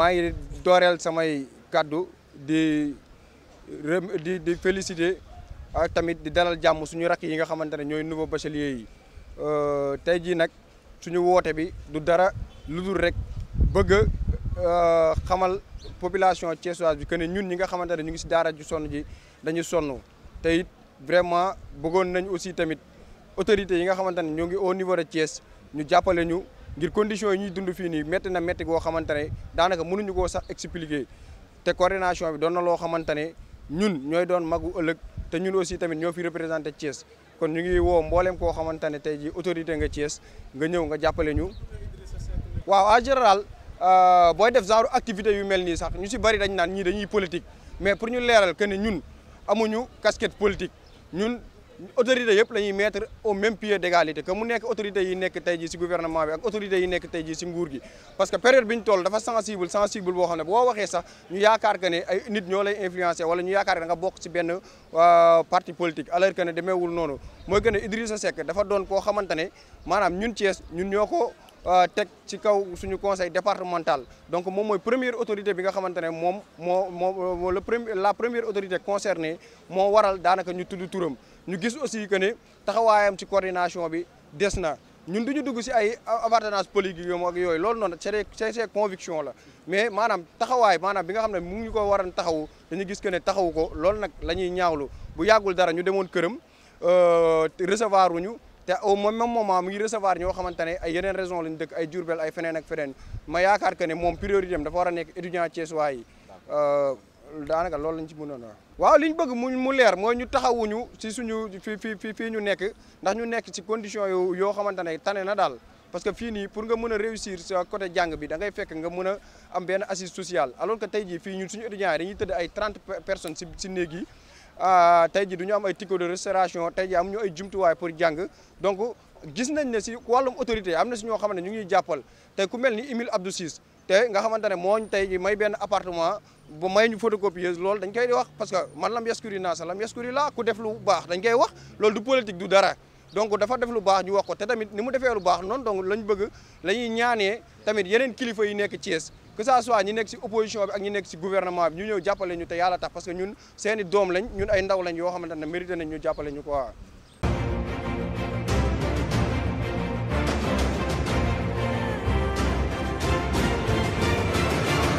maa ngi dooreel samay kàddu di di di féliciter ak tamit di dalal jàmm suñu rakk yi nga xamante ne ñooy nouveau bachelier yi euh, tey jii nag suñu woote bi du dara lu dul rek bëgg a euh, xamal population thiessoise bi que ne ñun ñi nga xamante ne ñu ngi si daara ju sonn ji dañu sonn te it vraiment bëggoon nañu aussi tamit autorités yi nga xamante ne ñoo ngi au niveau de Thiès ñu jàppale ñu. ngir condition yi ñuy dund fii nii métti na métti goo xamante ne daanaka mënuñu koo sax expliquer te coordination bi doon na loo xamante ne ñun ñooy doon magu ëllëg te ñun aussi tamit ñoo fi représenté Thiès kon ñu ngi woo mbooleem koo xamante ne tey jii autorité nga Thiès nga ñëw nga jàppale ñu. waaw en général euh, booy def genre activité yu mel nii sax ñu si bari dañ naan ñii dañuy politique mais pour ñu leeral que ne ñun amuñu casquette politique ñun. autorité yëpp la ñuy mettre au même pied d'égalité que mu nekk autorité yi nekk tey jii ci gouvernement bi ak autorité yi nekk tey jii ci nguur gi parce que période bi ñu toll dafa sensible sensible boo xam ne boo waxee sax ñu yaakaar que ne ay nit ñoo lay influencer wala ñu yaakaar ne da nga bokk ci benn euh, parti politique alors que ne wul noonu mooy que ne Idrissa Seck dafa doon koo xamante ne maanaam ñun Thiès ñun ñoo ko Euh, teg ci kaw suñu conseil départemental donc moom mooy première autorité bi nga xamante ne moom moo moo le premier la première autorité concernée moo waral daanaka ñu tudd turam ñu gis aussi que ne taxawaayam ci coordination bi des na ñun du ñu dugg si ay appartenance politique yi yooyu loolu noonu c'est c'est conviction la mais maanaam taxawaay maanaam bi nga xam ne mu ngi ko waran taxaw dañu gis que ne taxawu ko loolu nag la ñuy ñaawlu bu yàggul dara ñu demoon këram euh, recevoir wuñu te ma même moment mu ngi recevoir ñoo xamante ne ay yeneen raison lañ dëkk ay Diourbel ay feneen ak feneen ma yaakaar que ne moom priorité am dafa war a nekk étudiant Thiessois yi euh, daanaka loolu lañ ci mënoon waaw li ñu bëgg mu mu leer mooy ñu taxawuñu si suñu fi fi fii ñu nekk ndax ñu nekk ci condition yoo xamante ne tane na daal parce que fii nii pour nga mën a réussir sa côté jàng bi dangay fekk nga mën a am benn assise sociale alors que tey jii fii ñun suñu étudiants yi dañuy ay trente personnes si si néeg Euh, tey ji du ñu am ay ticket de restauration tey ji am ñu ay jumtuwaay pour jàng donc gis nañ ne si wàllum autorité am na si ñoo xam ne ñu ngi jàppal te ku mel ni Emile Abdou Ciss te nga xamante ne mooñ tey ji may benn appartement ba may ñu photocopieuse loolu dañ koy wax parce que man lam yaskuri naa sa lam yaskuri laa ku def lu baax dañ koy wax loolu du politique du dara donc dafa def lu baax ñu wax ko te tamit ni mu defee lu baax noonu donc lañ bëgg la ñuy ñaanee tamit yeneen kilifa yi nekk Thiès que ça soit ñi nekk ci opposition bi ak ñi nekk ci gouvernement bi ñu ñëw jàppale ñu te yàlla tax parce que ñun seeni doom lañ ñun ay ndaw lañ yoo xamante ne mérité nañ ñu jàppale ñu quoi